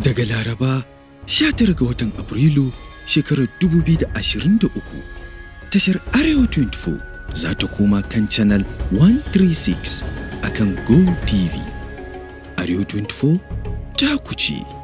daga laraba sha 19 ga watan Afrilu shekarar 2023 tashar Arewa 24 za ta koma kan channel 136 akan Go TV. Arewa 24 ta kuce.